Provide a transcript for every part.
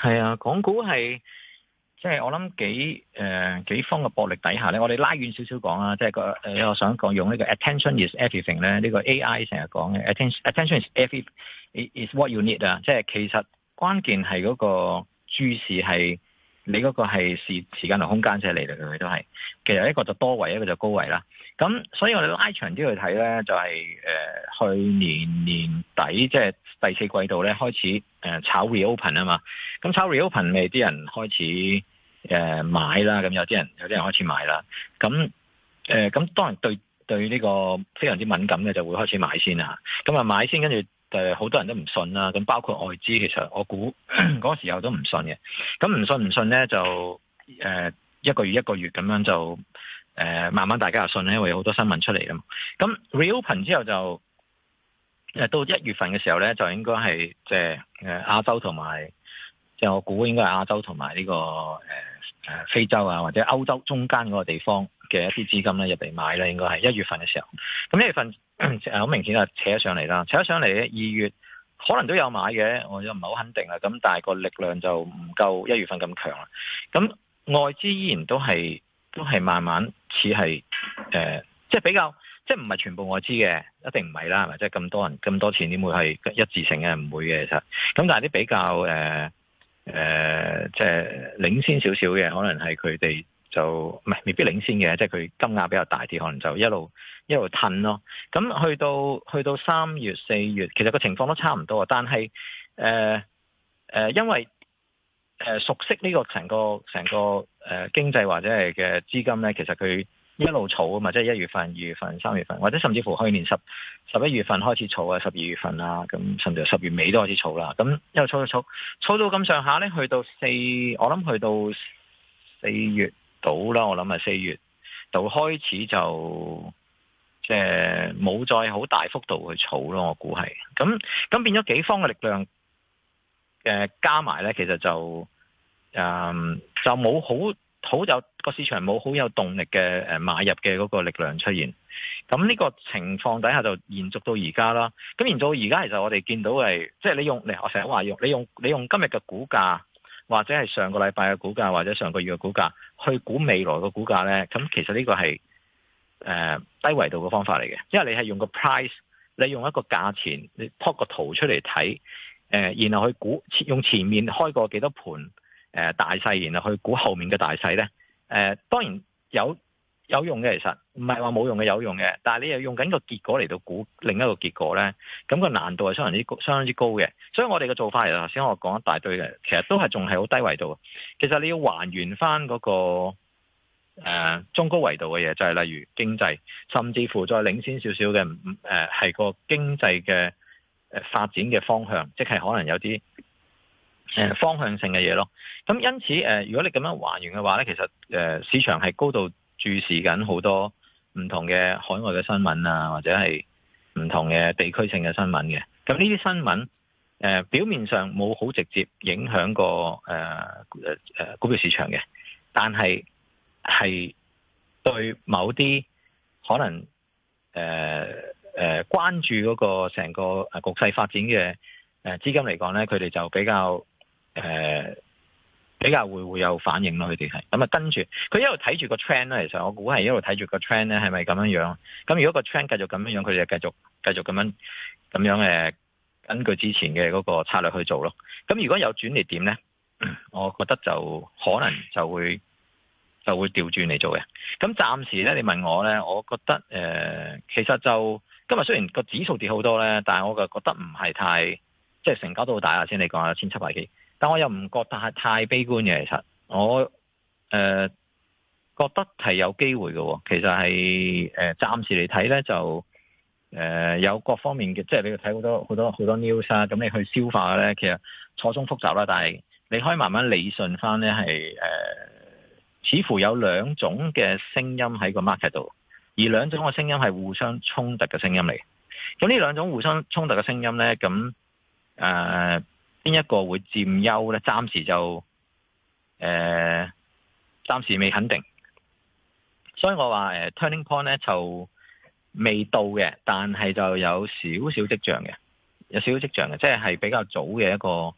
係啊，港股係即係我諗幾誒、呃、幾方嘅博弈底下咧，我哋拉遠少少講啊，即、就、係、是、個誒、呃，我想講用呢個 attention is everything 咧，呢個 AI 成日講嘅 attention attention is everything is what you need 啊，即係其實關鍵係嗰個注視係你嗰個係時時間同空間嘅嚟嚟去去都係，其實一個就多維，一個就高維啦。咁所以我哋拉長啲去睇咧，就係誒去年年底即係第四季度咧開始誒炒 reopen 啊嘛，咁炒 reopen 咪啲人開始買啦，咁有啲人有啲人開始買啦，咁誒咁當然對對呢個非常之敏感嘅就會開始買先啦，咁啊買先跟住誒好多人都唔信啦，咁包括外資其實我估嗰個 時候都唔信嘅，咁唔信唔信咧就誒一個月一個月咁樣就。誒、呃，慢慢大家就信咧，因為有好多新聞出嚟啦。咁 reopen 之後就誒、呃，到一月份嘅時候咧，就應該係即係誒亞洲同埋，即係我估應該係亞洲同埋呢個誒誒、呃、非洲啊，或者歐洲中間嗰個地方嘅一啲資金咧入嚟買呢應該係一月份嘅時候，咁一月份好明顯啊，扯咗上嚟啦，扯咗上嚟咧，二月可能都有買嘅，我就唔係好肯定啦。咁但係個力量就唔夠一月份咁強啦。咁外資依然都係。都係慢慢似係誒、呃，即係比較，即係唔係全部我知嘅，一定唔係啦，係咪？即係咁多人咁多錢，點會係一致性嘅？唔會嘅其實。咁但係啲比較誒誒、呃呃，即係領先少少嘅，可能係佢哋就唔係未必領先嘅，即係佢金額比較大啲，可能就一路一路褪咯。咁去到去到三月四月，其實個情況都差唔多啊。但係誒誒，因為。誒、呃，熟悉呢個成個成個誒、呃、經濟或者係嘅資金咧，其實佢一路儲啊嘛，即係一月份、二月份、三月份，或者甚至乎去年十十一月份開始儲啊，十二月份啦，咁甚至十月尾都開始儲啦。咁一路儲，一儲，儲到咁上下咧，去到四，我諗去到四月度啦，我諗係四月到開始就即係冇再好大幅度去儲咯。我估係咁，咁變咗幾方嘅力量誒、呃、加埋咧，其實就。誒，um, 就冇好好有個市場冇好有，有動力嘅誒、呃、買入嘅嗰個力量出現，咁呢個情況底下就延續到而家啦。咁延續到而家，其實我哋見到係，即、就、係、是、你用，你我成日話用，你用你用今日嘅股價，或者係上個禮拜嘅股價，或者上個月嘅股價去估未來嘅股價咧，咁其實呢個係誒、呃、低維度嘅方法嚟嘅，因為你係用個 price，你用一個價錢，你 plot 個圖出嚟睇，誒、呃，然後去估用前面開過幾多盤。誒、呃，大勢然後去估後面嘅大勢呢，誒、呃，當然有有用嘅，其實唔係話冇用嘅，是有用嘅。但係你又用緊個結果嚟到估另一個結果呢，咁個難度係相當之高，相當之高嘅。所以我哋嘅做法，其實頭先我講一大堆嘅，其實都係仲係好低維度。其實你要還原翻、那、嗰個誒、呃、中高維度嘅嘢，就係、是、例如經濟，甚至乎再領先少少嘅，誒、呃、係個經濟嘅、呃、發展嘅方向，即係可能有啲。誒，方向性嘅嘢咯。咁因此，誒、呃，如果你咁樣還原嘅話咧，其實，誒、呃，市場係高度注視緊好多唔同嘅海外嘅新聞啊，或者係唔同嘅地區性嘅新聞嘅。咁呢啲新聞，誒、呃，表面上冇好直接影響過誒誒誒股票市場嘅，但係係對某啲可能誒誒、呃呃、關注嗰個成個誒局勢發展嘅誒資金嚟講咧，佢哋就比較。誒、呃，比較會會有反應咯。佢哋係咁啊，就跟住佢一路睇住個 trend 咧。其實我估係一路睇住個 trend 咧，係咪咁樣樣？咁如果個 trend 繼續咁樣樣，佢哋繼續繼續咁樣咁樣誒、呃，根據之前嘅嗰個策略去做咯。咁如果有轉捩點咧，我覺得就可能就會就會調轉嚟做嘅。咁暫時咧，你問我咧，我覺得誒、呃，其實就今日雖然個指數跌好多咧，但係我就覺得唔係太即係、就是、成交都好大啊。先你講下千七百幾。但我又唔覺得係太悲觀嘅，其實我誒、呃、覺得係有機會嘅。其實係誒暫時嚟睇咧，就誒、呃、有各方面嘅，即係你要睇好多好多好多 news 咁、啊、啊，咁你去消化咧，其實錯綜複雜啦。但係你可以慢慢理順翻咧，係誒、呃、似乎有兩種嘅聲音喺個 market 度，而兩種嘅聲音係互相衝突嘅聲音嚟。咁呢兩種互相衝突嘅聲音咧，咁誒、呃邊一個會佔優咧？暫時就誒、呃，暫時未肯定。所以我話誒、呃、，Turning Point 咧就未到嘅，但係就有少少跡象嘅，有少少跡象嘅，即係係比較早嘅一個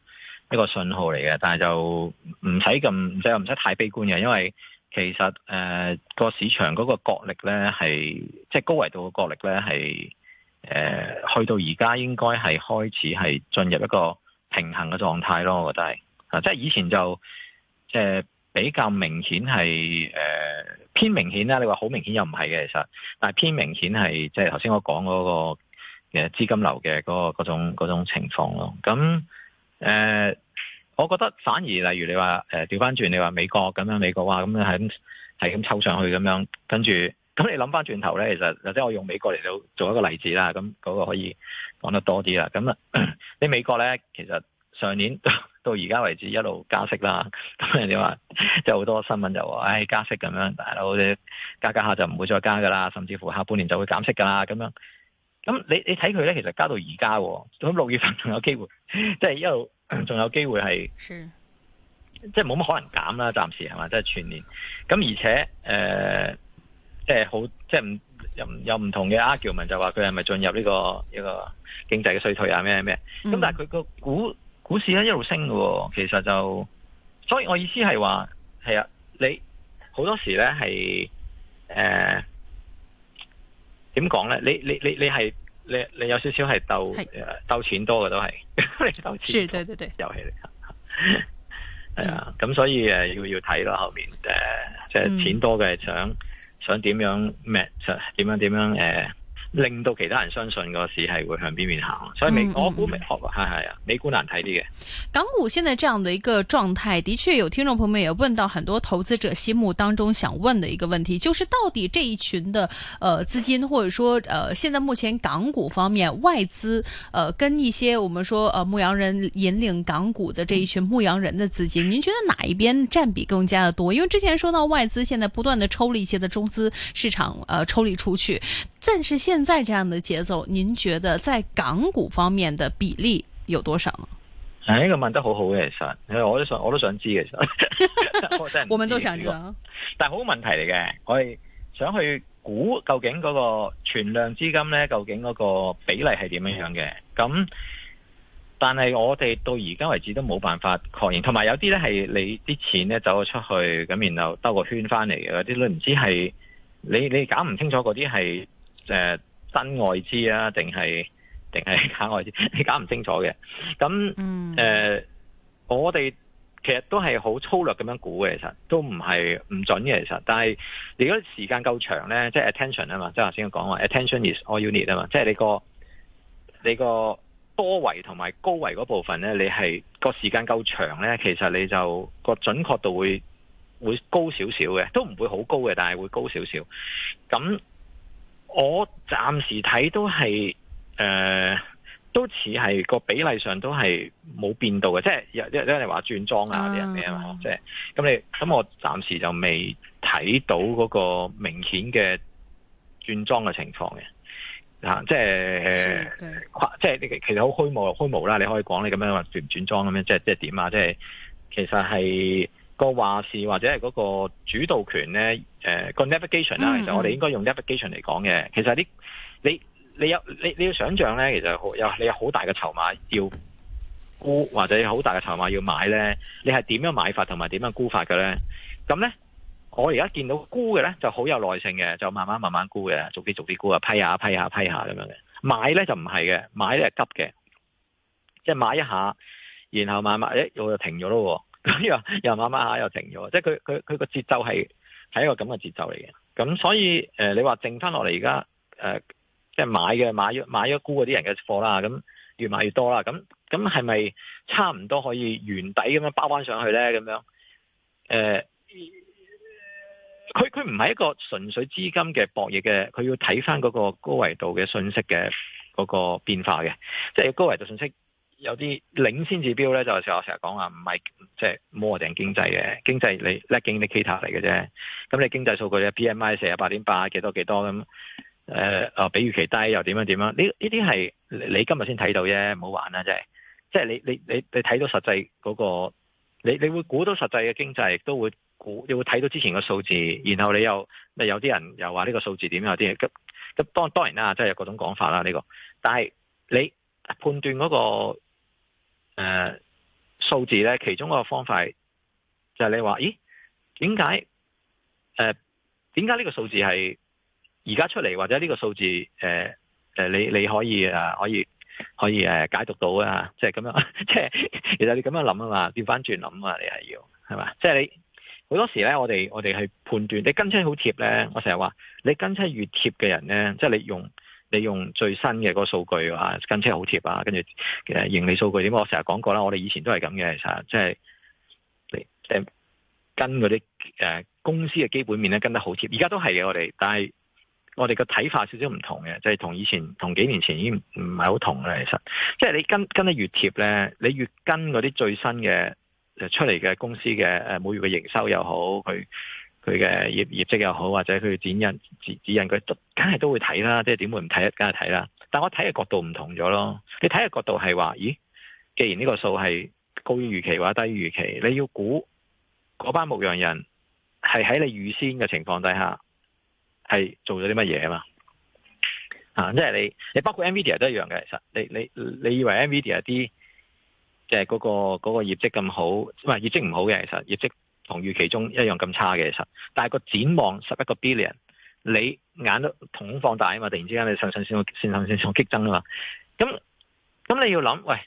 一個信號嚟嘅。但係就唔使咁，即又唔使太悲觀嘅，因為其實誒個、呃、市場嗰個角力咧係，即係高維度嘅角力咧係誒去到而家應該係開始係進入一個平衡嘅狀態咯，我覺得係啊，即係以前就即係、呃、比較明顯係誒、呃、偏明顯啦。你話好明顯又唔係嘅其實，但係偏明顯係即係頭先我講嗰、那個嘅、呃、資金流嘅嗰、那個、種那種情況咯。咁、呃、我覺得反而例如你話誒調返轉，你話美國咁樣美國話咁樣係咁係咁抽上去咁樣跟住。咁你諗翻轉頭咧，其實或者我用美國嚟到做一個例子啦。咁嗰個可以講得多啲啦。咁啊，你美國咧，其實上年到而家為止一路加息啦。咁人哋話即係好多新聞就話，唉，加息咁樣大佬，你加加下就唔會再加噶啦，甚至乎下半年就會減息噶啦。咁樣咁你你睇佢咧，其實加到而家，咁六月份仲有機會，即係一路仲有機會係，即係冇乜可能減啦。暫時係嘛，即係全年。咁而且誒。呃即係好，即係唔有唔同嘅 argument 就話佢係咪進入呢、這個一、這個經濟嘅衰退啊？咩咩？咁、嗯、但係佢個股股市咧一路升嘅，其實就，所以我意思係話，係啊，你好多時咧係，誒、呃，點講咧？你你你你係你你有少少係鬥誒是鬥錢多嘅都係，是 你鬥錢對對對，係戲 啊，咁、嗯、所以誒要要睇咯後面誒，即、呃、係、就是、錢多嘅係想。嗯想點樣咩？想點樣？點樣誒、呃令到其他人相信個市係會向邊邊行，所以美、嗯嗯、我估美國係係啊，美股難睇啲嘅。港股現在這樣的一個狀態，的確有聽眾朋友們也問到，很多投資者心目當中想問的一個問題，就是到底這一群的，呃，資金，或者說，呃，現在目前港股方面外資，呃，跟一些我們說，呃，牧羊人引領港股的這一群牧羊人的資金，您、嗯、覺得哪一邊佔比更加的多？因為之前說到外資現在不斷的抽了一些的中資市場，呃，抽離出去，暫時現在這樣的節奏，您覺得在港股方面的比例有多少呢？呢個、哎、問得很好好嘅。其實，我都想，我都想知嘅。我們都想知道，但係好問題嚟嘅，我哋想去估究竟嗰個存量資金呢，究竟嗰個比例係點樣樣嘅。咁，但係我哋到而家為止都冇辦法確認，同埋有啲呢係你啲錢呢走咗出去，咁然後兜個圈翻嚟嘅，啲都唔知係你你搞唔清楚嗰啲係誒。呃真外資啊，定係定係假外資？你搞唔清楚嘅。咁誒、嗯呃，我哋其實都係好粗略咁樣估嘅，其實都唔係唔準嘅。其實，但係如果時間夠長咧，即係 attention 啊嘛，即係頭先講話，attention is all you need 啊嘛，即係你個你個多維同埋高維嗰部分咧，你係個時間夠長咧，其實你就個準確度會會高少少嘅，都唔會好高嘅，但係會高少少。咁我暫時睇都係，誒、呃，都似係個比例上都係冇變到嘅，即係有有有人話轉莊啊啲人咩啊嘛，啊即係咁你咁我暫時就未睇到嗰個明顯嘅轉莊嘅情況嘅、啊，即係即係你其實好虛無虛無啦，你可以講你咁樣話轉唔轉莊咁樣，即係即係點啊，即係其實係。個話事或者係嗰個主導權咧，誒個 navigation 啦，其實我哋應該用 navigation 嚟講嘅。其實你你你有你你要想象咧，其實好有你有好大嘅籌碼要沽，或者有好大嘅籌碼要買咧，你係點樣買法同埋點樣沽法嘅咧？咁咧，我而家見到沽嘅咧就好有耐性嘅，就慢慢慢慢沽嘅，逐啲逐啲沽啊，批下批下批下咁樣嘅。買咧就唔係嘅，買咧係急嘅，即係買一下，然後買買，誒，我就停咗咯。咁又 又慢慢下又停咗，即係佢佢佢個節奏係係一個咁嘅節奏嚟嘅。咁所以誒、呃，你話剩翻落嚟而家誒，即、呃、係、就是、買嘅買咗買咗沽嗰啲人嘅貨啦，咁越買越多啦。咁咁係咪差唔多可以原底咁樣包翻上去咧？咁樣誒，佢佢唔係一個純粹資金嘅博弈嘅，佢要睇翻嗰個高維度嘅信息嘅嗰個變化嘅。即係高維度信息有啲領先指標咧，就係、是、我成日講話，唔係。即係摩定經濟嘅經濟，你 lagging data 嚟嘅啫。咁你經濟數據嘅 P M I 四十八點八，幾多幾多咁、呃哦？比預期低又點樣點樣？呢呢啲係你今日先睇到啫，唔好玩啦即係即係你你你你睇到實際嗰、那個，你你會估到實際嘅經濟，亦都會估，你會睇到之前個數字，然後你又你有啲人又話呢個數字點樣啲嘢咁咁。當當然啦，即係有各種講法啦呢、這個。但係你判斷嗰、那個、呃數字咧，其中一個方法就係你話，咦，點解？誒、呃，點解呢個數字係而家出嚟，或者呢個數字誒誒、呃，你你可以誒、啊、可以可以誒解讀到啊？即係咁樣，即、就、係、是、其實你咁樣諗啊嘛，調翻轉諗啊，你係要係嘛？即係、就是、你好多時咧，我哋我哋係判斷你跟車好貼咧，我成日話你跟車越貼嘅人咧，即、就、係、是、你用。你用最新嘅個數據話，跟車好貼啊，跟住誒盈利數據點？我成日講過啦，我哋以前都係咁嘅，其實即係，即係跟嗰啲誒公司嘅基本面咧跟得好貼，而家都係嘅我哋，但係我哋個睇法少少唔同嘅，即係同以前同幾年前已經唔係好同嘅啦。其實，即係你跟跟得越貼咧，你越跟嗰啲最新嘅出嚟嘅公司嘅誒每月嘅營收又好佢。佢嘅業業績又好，或者佢指引指指引佢，都梗係都會睇啦。即係點會唔睇？梗係睇啦。但我睇嘅角度唔同咗咯。你睇嘅角度係話，咦，既然呢個數係高於預期或者低於預期，你要估嗰班牧羊人係喺你預先嘅情況底下係做咗啲乜嘢啊？嘛，啊，即係你你包括 Nvidia 都一樣嘅。其實你你你以為 Nvidia 啲嘅嗰個嗰個業績咁好，唔係業績唔好嘅。其實業績。同預期中一樣咁差嘅，其實，但係個展望十一個 billion，你眼都瞳放大啊嘛！突然之間，你上上線個上，上，上，上激增啊嘛！咁咁你要諗，喂，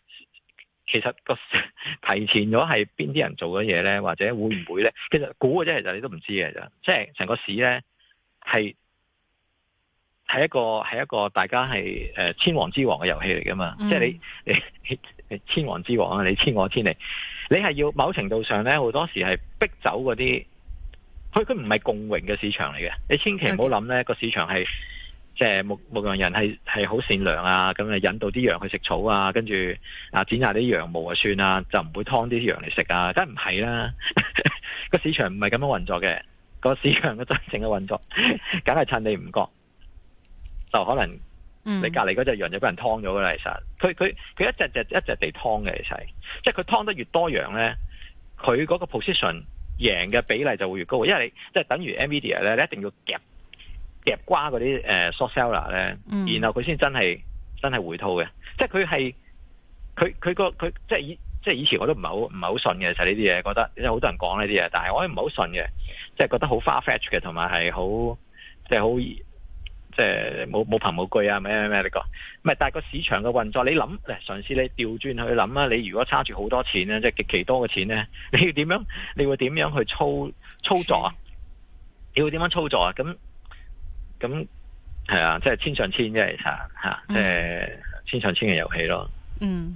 其實個提前咗係邊啲人做嘅嘢咧，或者會唔會咧？其實估嘅啫，其實你都唔知嘅，咋。即係成個市咧，係係一個係一個大家係千王之王嘅遊戲嚟噶嘛！即係、嗯、你你你千王之王啊！你千我千嚟。你係要某程度上呢，好多時係逼走嗰啲，佢佢唔係共榮嘅市場嚟嘅。你千祈唔好諗呢個市場係，即係牧牧羊人係係好善良啊，咁啊引導啲羊去食草啊，跟住啊剪下啲羊毛啊算呀，就唔會劏啲羊嚟食啊，真係唔係啦。個 市場唔係咁樣運作嘅，個市場嘅真正嘅運作，梗係趁你唔覺，就可能。你隔離嗰隻羊就俾人劏咗噶啦，其實佢佢佢一隻隻一隻地劏嘅其實，即係佢劏得越多羊咧，佢嗰個 position 贏嘅比例就會越高，因為你即係、就是、等於 media 咧，你一定要夾夾瓜嗰啲誒 short seller 咧，呃嗯、然後佢先真係真係回吐嘅，即係佢係佢佢個佢即係以即係以前我都唔係好唔係好信嘅，其實呢啲嘢覺得因為好多人講呢啲嘢，但係我都唔係好信嘅，即係覺得好 far fetch 嘅，同埋係好即係好。即係冇冇憑冇據啊，咩咩咩你講？唔係，但係個市場嘅運作，你諗，嘗試你調轉去諗啊，你如果揸住好多錢呢，即係極其多嘅錢呢，你要點樣？你會點樣去操操作啊？的你會點樣操作啊？咁咁係啊，即係千上千、啊嗯、即係吓，即係千上千嘅遊戲咯。嗯。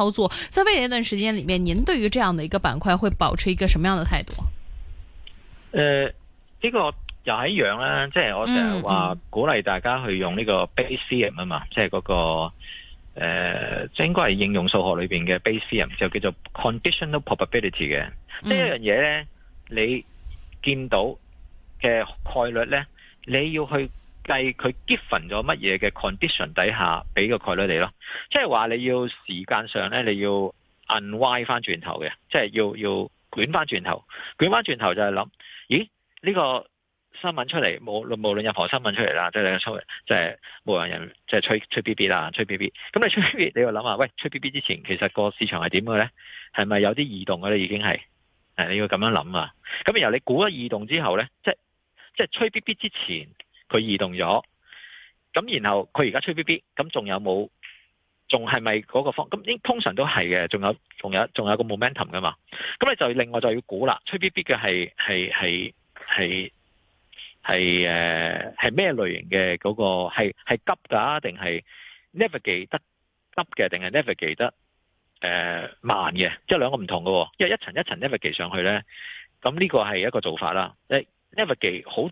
操作在未來一段時間裏面，您對於這樣的一個板塊會保持一個什麼樣的態度？誒、呃、呢、這個又係一樣啦，即係我成日話鼓勵大家去用呢個 Bayesian 啊嘛，嗯、即係、那個誒，即、呃、應該係應用數學裏邊嘅 Bayesian 就叫做 conditional probability 嘅。嗯、呢一樣嘢咧，你見到嘅概率咧，你要去。計佢 given 咗乜嘢嘅 condition 底下，俾個概率你咯，即係話你要時間上咧，你要 unwind 翻轉頭嘅，即係要要捲翻轉頭，捲翻轉頭就係諗，咦？呢個新聞出嚟，無無論任何新聞出嚟啦，即係你個出嚟，即係無人人即係吹吹 B B 啦，吹 B B。咁你吹 B B，你要諗下喂，吹 B B 之前，其實個市場係點嘅咧？係咪有啲異動嘅咧？已經係誒，你要咁樣諗啊。咁然後你估咗異動之後咧，即係即係吹 B B 之前。佢移動咗，咁然後佢而家吹 B B，咁仲有冇？仲係咪嗰個方？咁應通常都係嘅，仲有仲有仲有個 momentum 噶嘛？咁你就另外就要估啦，吹 B B 嘅係係係係係誒係咩類型嘅嗰、嗰個？係急㗎，定係 leverage 得急嘅，定係 leverage 得誒、呃、慢嘅？即、就、係、是、兩個唔同嘅，因為一層一層 leverage 上去咧，咁呢個係一個做法啦。誒 leverage 好。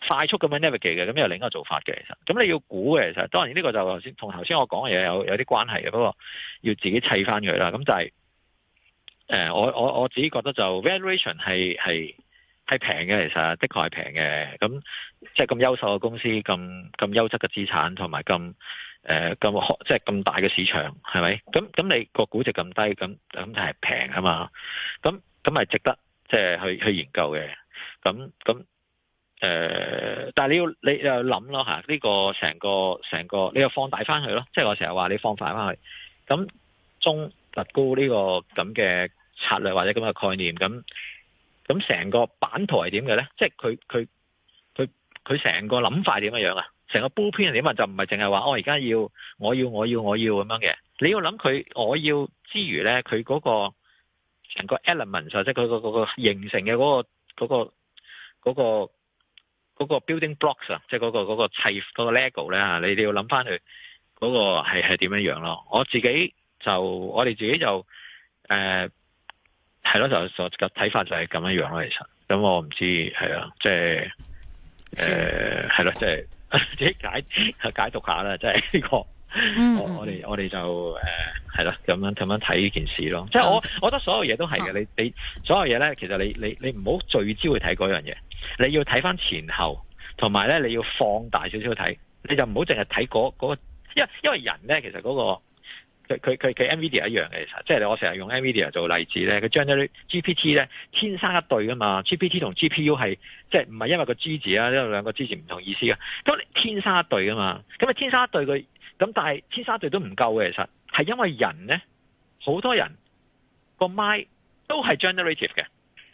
快速咁樣 navigate 嘅，咁又另一個做法嘅，其實，咁你要估嘅，其實當然呢個就頭先同頭先我講嘅嘢有有啲關係嘅，不過要自己砌翻佢啦。咁就係、是，誒、呃，我我我自己覺得就 valuation 係係係平嘅，其實的確係平嘅。咁即係咁優秀嘅公司，咁咁優質嘅資產，同埋咁誒咁即係咁大嘅市場，係咪？咁咁你個估值咁低，咁咁就係平啊嘛。咁咁係值得即係、就是、去去研究嘅。咁咁。誒、呃，但係你要你又諗咯吓，呢、這個成個成個你又放大翻佢咯，即、就、係、是、我成日話你放大翻佢。咁中特估呢個咁嘅策略或者咁嘅概念，咁咁成個版圖係點嘅咧？即係佢佢佢佢成個諗法點嘅樣啊？成個 blueprint 點啊？就唔係淨係話我而家要我要我要我要咁樣嘅。你要諗佢我要之餘咧，佢嗰、那個成個 elements 或者佢、那個嗰個形成嘅嗰個嗰個嗰個。那個那個嗰個 building blocks 啊，那個，即係嗰個嗰個砌嗰個 lego 咧，吓，你哋要諗翻佢嗰個係係點樣樣咯？我自己就我哋自己就誒係咯，就就個睇法就係咁樣，就是呃、樣咯。其實咁我唔知係啊，即係誒係咯，即係自己解解讀下啦，即係呢個。我哋我哋就誒係咯，咁樣咁樣睇呢件事咯。即係我我覺得所有嘢都係嘅，嗯。你你所有嘢咧，其實你你你唔好聚焦去睇嗰樣嘢。你要睇翻前後，同埋咧你要放大少少睇，你就唔好淨係睇嗰個。因為因為人咧其實嗰、嗰個佢佢佢佢 Nvidia 一樣嘅其實，即係我成日用 Nvidia 做例子咧，佢 generate GPT 咧天生一對噶嘛，GPT 同 GPU 係即係唔係因為個 G 字啊，因為兩個 G 字唔同意思啊咁你天生一對噶嘛，咁啊天生一對佢咁，但係天生一對都唔夠嘅其實，係因為人咧，好多人個麥都係 generative 嘅。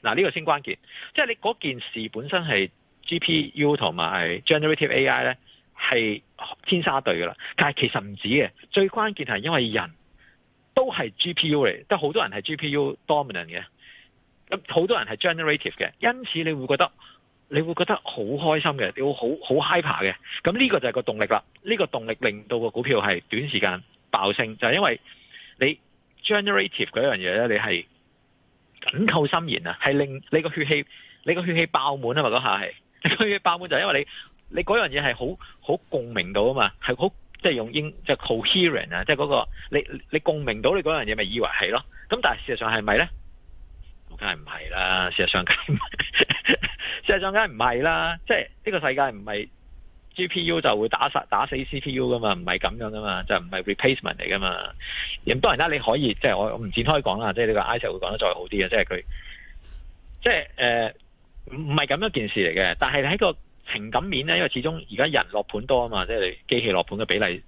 嗱呢個先關鍵，即係你嗰件事本身係 G P U 同埋 generative A I 咧係天沙對噶啦，但係其實唔止嘅，最關鍵係因為人都係 G P U 嚟，即係好多人係 G P U dominant 嘅，咁好多人係 generative 嘅，因此你會覺得你會覺得好開心嘅，你會好好 hyper 嘅，咁呢個就係個動力啦，呢個動力令到個股票係短時間爆升，就係因為你 generative 嗰樣嘢咧，你係。緊扣心弦啊，係令你個血氣，你個血氣爆滿啊嘛！嗰下係你個血氣爆滿就係因為你，你嗰樣嘢係好好共鳴到啊嘛，係好即係用英即係 coherent 啊，即係嗰個你你共鳴到你嗰樣嘢咪以為係咯？咁但係事實上係咪咧？梗係唔係啦，事實上梗， 事實上梗係唔係啦，即係呢個世界唔係。G P U 就會打殺打死 C P U 噶嘛，唔係咁樣噶嘛，就唔、是、係 replacement 嚟噶嘛。咁當然啦，你可以即係、就是、我我唔展開講啦，即係呢個 I l 會講得再好啲嘅，即係佢即係誒唔係係咁樣件事嚟嘅。但係喺個情感面咧，因為始終而家人落盤多啊嘛，即係機器落盤嘅比例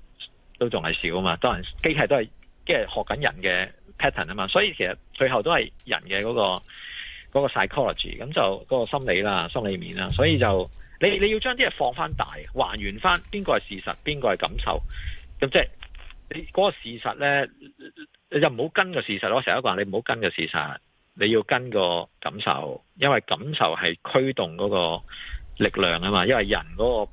都仲係少啊嘛。當然機器都係即係學緊人嘅 pattern 啊嘛，所以其實最後都係人嘅嗰、那個嗰、那個 psychology 咁就嗰個心理啦、心理面啦，所以就。你你要將啲嘢放翻大，還原翻邊個係事實，邊個係感受，咁即係嗰個事實呢，你就唔好跟個事實咯。我成日話你唔好跟個事實，你要跟個感受，因為感受係驅動嗰個力量啊嘛。因為人嗰個。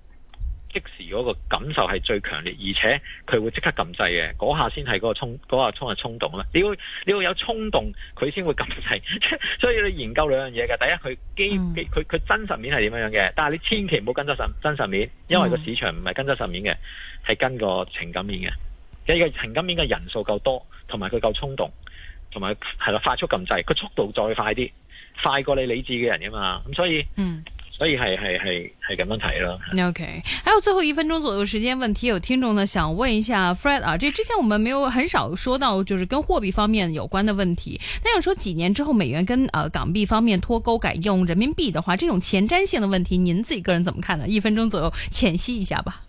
即時嗰個感受係最強烈，而且佢會即刻撳掣嘅，嗰下先係嗰個衝，嗰下衝係衝動啦。你要你要有衝動，佢先會撳掣。 所以你研究兩樣嘢嘅，第一佢基佢佢真實面係點樣樣嘅？但係你千祈唔好跟真實真實面，因為個市場唔係跟真實面嘅，係跟個情感面嘅。一個情感面嘅人數夠多，同埋佢夠衝動，同埋係啦，快速撳掣，佢速度再快啲，快過你理智嘅人噶嘛。咁所以嗯。所以係係係係咁樣睇咯。OK，還有最後一分鐘左右時間，問題有聽眾呢想問一下 Fred 啊，這之前我們沒有很少說到，就是跟貨幣方面有關的問題。但要說幾年之後美元跟呃港幣方面脫鈎，改用人民幣的話，這種前瞻性的問題，您自己個人怎麼看呢？一分鐘左右淺析一下吧。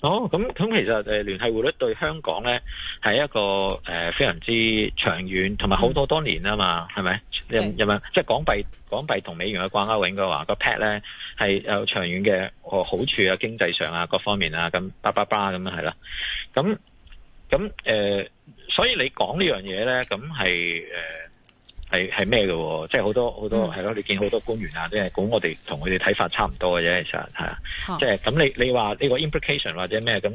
哦，咁、嗯、咁、嗯嗯、其實誒聯繫匯率對香港咧係一個誒、呃、非常之長遠同埋好多多年啊嘛，係咪、嗯？有有咩？即係港幣港幣同美元嘅掛鈎，應該話個 pat 咧係有長遠嘅個好處啊，經濟上啊各方面啊，咁巴巴巴咁係啦。咁咁誒，所以你講呢樣嘢咧，咁係誒。呃係係咩嘅？即係好多好多係咯、嗯，你見好多官員啊、哦就是，即係、這、估、個、呃、我哋同佢哋睇法差唔多嘅啫。其實係啊，即係咁你你話呢個 implication 或者咩咁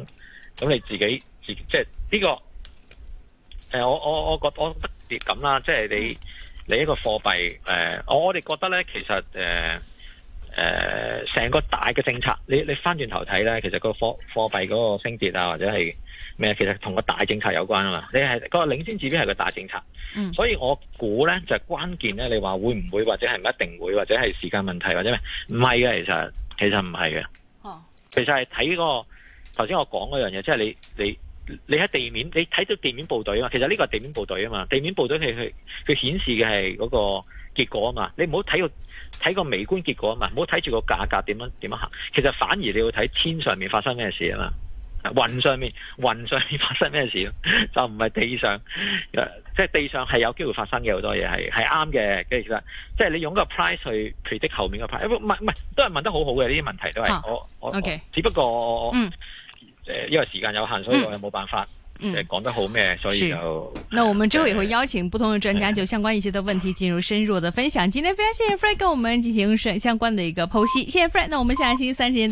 咁你自己自即係呢個誒，我我我覺我得是咁啦。即係你你一個貨幣誒，我哋覺得咧，其實誒誒，成個大嘅政策，你你翻轉頭睇咧，其實個貨貨幣嗰個升跌啊或者係。咩？其實同個大政策有關啊嘛。你係個領先指標係個大政策，嗯、所以我估咧就係、是、關鍵咧。你話會唔會或者係唔一定會或者係時間問題或者咩？唔係嘅，其實其實唔係嘅。哦，其實係睇、哦嗰個頭先我講嗰樣嘢，即、就、係、是、你你你喺地面你睇到地面部隊啊嘛。其實呢個係地面部隊啊嘛。地面部隊係去佢顯示嘅係嗰個結果啊嘛。你唔好睇個睇個微觀結果啊嘛。唔好睇住個價格點樣點樣行。其實反而你要睇天上面發生咩事啊嘛。雲上面，雲上面發生咩事 就唔係地上，嗯、即係地上係有機會發生嘅好多嘢，係係啱嘅。其實，即係你用個 price 去 predict 後面嘅 price，唔係唔係，都係問得很好好嘅呢啲問題都係、啊、我，我 O okay . K. 只不過，誒、嗯呃，因為時間有限，所以我又冇辦法講、嗯呃、得好咩，所以就。是。呃、那我們之後也會邀請不同的專家就相關一些的問題進入深入的分享。嗯、今天非常謝謝 Fred，跟我們進行相關的一個剖析。謝謝 Fred，那我們下星期三時間再。